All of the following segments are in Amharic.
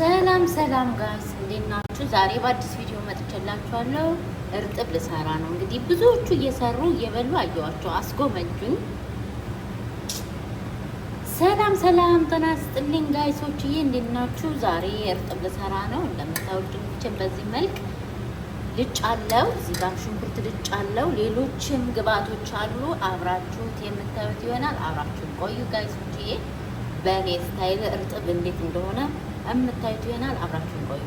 ሰላም ሰላም ጋይስ እንዴት ናችሁ? ዛሬ በአዲስ ቪዲዮ መጥቼላችኋለሁ። እርጥብ ልሰራ ነው። እንግዲህ ብዙዎቹ እየሰሩ እየበሉ አየዋቸው፣ አስጎመጁኝ። ሰላም ሰላም ጤና ይስጥልኝ ጋይሶችዬ፣ እንዴት ናችሁ? ዛሬ እርጥብ ልሰራ ነው። እንደምታውቁት ምችን በዚህ መልክ ልጭ አለው። እዚህ ጋር ሽንኩርት ልጭ አለው። ሌሎችም ግብአቶች አሉ። አብራችሁት የምታዩት ይሆናል። አብራችሁን ቆዩ ጋይሶችዬ። በእኔ ስታይል እርጥብ እንዴት እንደሆነ የምታዩት ይሆናል። አብራችሁን ቆዩ።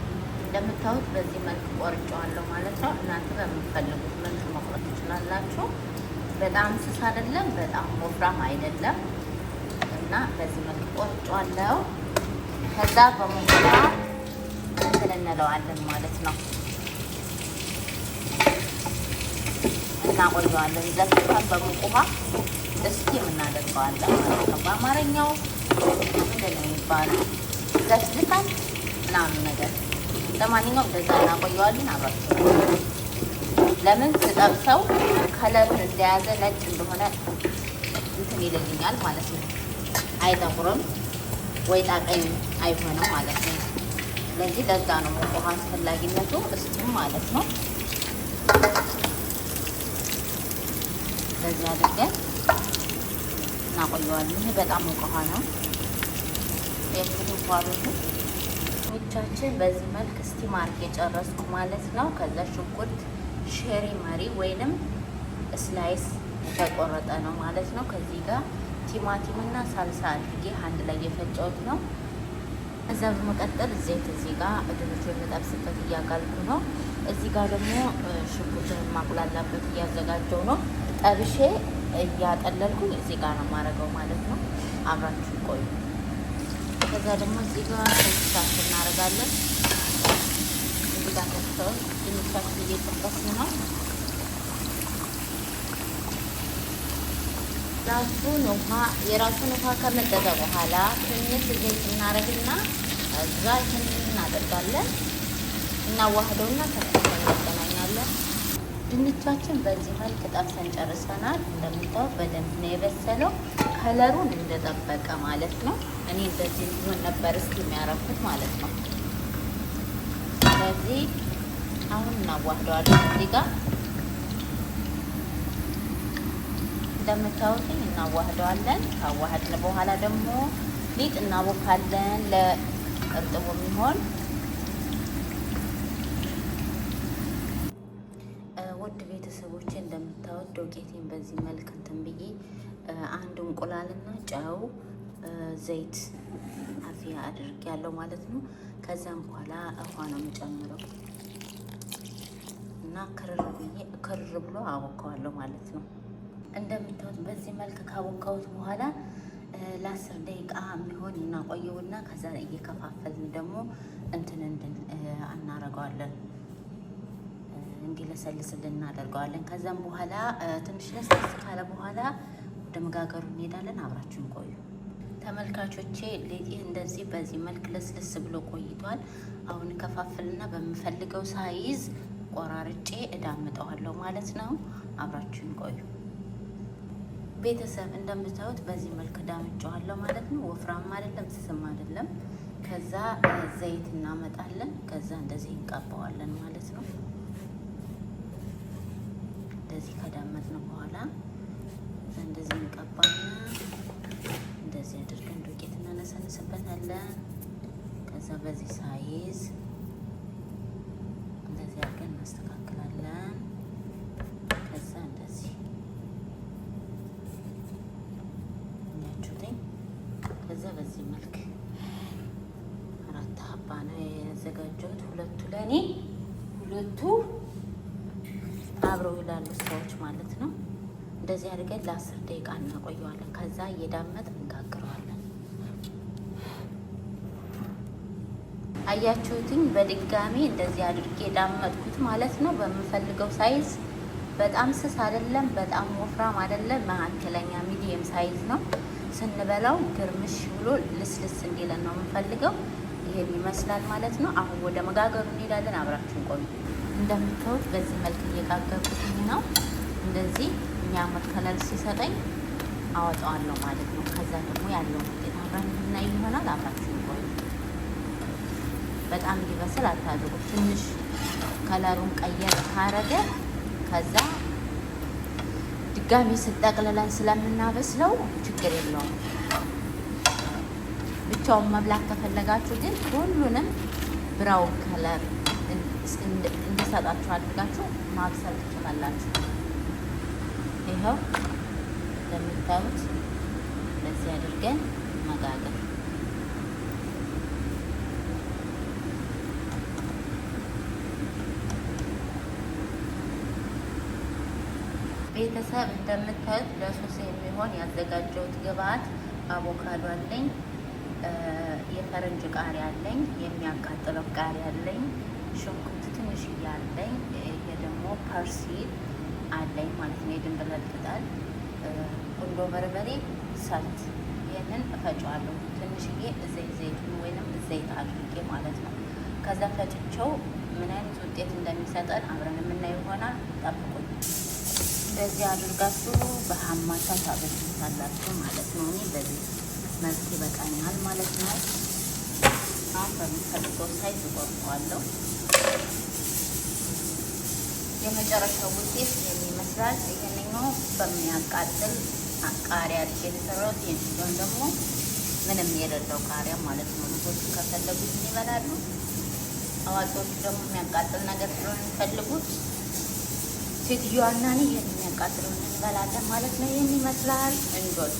እንደምታዩት በዚህ መልክ ቆርጬዋለሁ ማለት ነው። እናንተ በምትፈልጉት መልክ መቁረጥ ትችላላችሁ። በጣም ስስ አይደለም፣ በጣም ወፍራም አይደለም እና በዚህ መልክ ቆርጬዋለሁ። ከዛ በሞላ እንትን እንለዋለን ማለት ነው እናቆየዋለን ዘፍተን በሙቅ ውሃ እስኪ የምናደርገዋለን ማለት ነው። በአማርኛው ምንድን ነው የሚባለው? ይዘፍዝፋል ምናምን ነገር። ለማንኛውም በዛ እናቆየዋለን። አብራችሁ ለምን ስጠብሰው ከለሩን እንደያዘ ነጭ እንደሆነ እንትን ይለኛል ማለት ነው። አይጠቁርም ወይ ጣቀኝ አይሆንም ማለት ነው። ስለዚህ ለዛ ነው ውሃ አስፈላጊነቱ እስቱም ማለት ነው። ለዚህ አድርገን እናቆየዋለን። ይህ በጣም ውቅ ነው። ቻችን በዚህ መልክ እስቲ ማርክ የጨረስኩ ማለት ነው። ከዛ ሽንኩርት ሼሪ መሪ ወይንም ስላይስ የተቆረጠ ነው ማለት ነው። ከዚህ ጋር ቲማቲም እና ሳልሳ አድርጌ አንድ ላይ የፈጨሁት ነው። እዛ በመቀጠል ዘይት እዚህ ጋር ድንቹ የምጠብስበት እያጋልኩ ነው። እዚህ ጋር ደግሞ ሽንኩርትን ማቁላላበት እያዘጋጀው ነው። ጠብሼ እያጠለልኩኝ እዚህ ጋር ነው የማደርገው ማለት ነው። አብራችሁ ቆዩ። ከዛ ደግሞ እዚህ ጋር እናደርጋለን። እዚህ ጋር እየጠበስን ነው። ራሱን ውሃ የራሱን ውሃ ከመጠጠ በኋላ ትንሽ ዘይት እናደርግና እዛ ይህን እናደርጋለን እናዋህደውና ድንቻችን በዚህ መልክ ጠብሰን ጨርሰናል። እንደምታው በደንብ ነው የበሰለው። ከለሩን እንደጠበቀ ማለት ነው። እኔ እንደዚህ ምን ነበር እስኪ የሚያረኩት ማለት ነው። ስለዚህ አሁን እናዋህደዋለን። እዚህ ጋር እንደምታውቁኝ እናዋህደዋለን። ካዋህድን በኋላ ደግሞ ሊጥ እናቦካለን ለእርጥቡ የሚሆን በዚህ መልክ እንትን ብዬ አንድ እንቁላልና ጨው፣ ዘይት አፍያ አድርግ ያለው ማለት ነው። ከዛም በኋላ ውሃ ነው የምጨምረው እና ክርር ብዬ ክርር ብሎ አቦካዋለሁ ማለት ነው። እንደምታዩት በዚህ መልክ ካቦካሁት በኋላ ለአስር ደቂቃ የሚሆን እናቆየውና ከዛ እየከፋፈልን ደግሞ እንትን እንድን እናረገዋለን። እንዲለሰልስልን እናደርገዋለን። ከዛም በኋላ ትንሽ ለስለስ ካለ በኋላ ወደ መጋገሩ እንሄዳለን። አብራችሁን ቆዩ ተመልካቾቼ። ሌጤ እንደዚህ በዚህ መልክ ለስለስ ብሎ ቆይቷል። አሁን ከፋፍልና በምፈልገው ሳይዝ ቆራርጬ እዳምጠዋለሁ ማለት ነው። አብራችሁን ቆዩ ቤተሰብ። እንደምታዩት በዚህ መልክ እዳምጨዋለሁ ማለት ነው። ወፍራም አይደለም፣ ስስም አይደለም። ከዛ ዘይት እናመጣለን። ከዛ እንደዚህ እንቀባዋለን ማለት ነው። እንደዚህ ከዳመት ነው በኋላ እንደዚህ እንቀባና እንደዚህ አድርገን ዱቄት እናነሰንስበታለን። ከዛ በዚህ ሳይዝ እንደዚህ አድርገን እናስተካክላለን። ከዛ እንደዚህ እያችሁትኝ። ከዛ በዚህ መልክ አራት ሀባ ነው የዘጋጀሁት ሁለቱ ለእኔ ሁለቱ አብረው ይላሉ ስራዎች ማለት ነው። እንደዚህ አድርገን ለአስር ደቂቃ እናቆየዋለን። ከዛ እየዳመጥ እንጋግረዋለን። አያችሁትኝ? በድጋሚ እንደዚህ አድርጌ ዳመጥኩት ማለት ነው። በምንፈልገው ሳይዝ በጣም ስስ አይደለም፣ በጣም ወፍራም አይደለም። መካከለኛ ሚዲየም ሳይዝ ነው። ስንበላው ግርምሽ ብሎ ልስልስ እንዲለን ነው የምንፈልገው። ይህን ይመስላል ማለት ነው። አሁን ወደ መጋገሩ እንሄዳለን። አብራችን ቆዩ። እንደምታዩት በዚህ መልክ እየጋገርኩትኝ ነው። እንደዚህ የሚያምር ከለር ሲሰጠኝ አወጣዋለሁ ማለት ነው። ከዛ ደግሞ ያለውን ውጤት አብረን ምናይ ይሆናል። አብራችሁ ቆዩ። በጣም እንዲበስል አታድርጉ። ትንሽ ከለሩን ቀየር ካረገ ከዛ ድጋሚ ስጠቅልለን ስለምናበስለው ችግር የለውም። ብቻውን መብላት ከፈለጋችሁ ግን ሁሉንም ብራውን ከለር እንዲሰጣችሁ አድርጋችሁ ማብሰል ትችላላችሁ። ይኸው እንደምታዩት እንደዚህ አድርገን መጋገር ቤተሰብ እንደምታዩት ለሶስ የሚሆን ያዘጋጀሁት ግብአት አቮካዶ አለኝ፣ የፈረንጅ ቃሪያ አለኝ፣ የሚያቃጥለው ቃሪያ አለኝ። ሽንኩርት ትንሽ እያለኝ ይሄ ደግሞ ፐርሲል አለኝ ማለት ነው። የድንብላል ቅጠል፣ ቁንዶ በርበሬ፣ ሰልት ይህንን እፈጫዋለሁ። ትንሽዬ ዘይት ዘይቱን ወይንም ዘይት አድርጌ ማለት ነው። ከዛ ፈጭቸው ምን አይነት ውጤት እንደሚሰጠን አብረን የምናየው ይሆናል። ጠብቁኝ። እንደዚህ አድርጋችሁ በሀማታ ታበስሉታላችሁ ማለት ነው። እኔ በዚህ መልክ ይበቃኛል ማለት ነው። አሁን በምፈልገው ሳይዝ እቆርጠዋለሁ። የመጨረሻው ውጤት የሚመስላል። ይህንኛው በሚያቃጥል ቃሪያ አድርጌ የተሰራሁት የእንትኛው ደግሞ ምንም የሌለው ቃሪያ ማለት ነው። ልጆቹ ከፈለጉት ይበላሉ። አዋቂዎቹ ደግሞ የሚያቃጥል ነገር ስለሆነ የሚፈልጉት ሴትዮዋና እኔ ይህን የሚያቃጥለውን እንበላለን ማለት ነው። ይህን ይመስላል እንዶል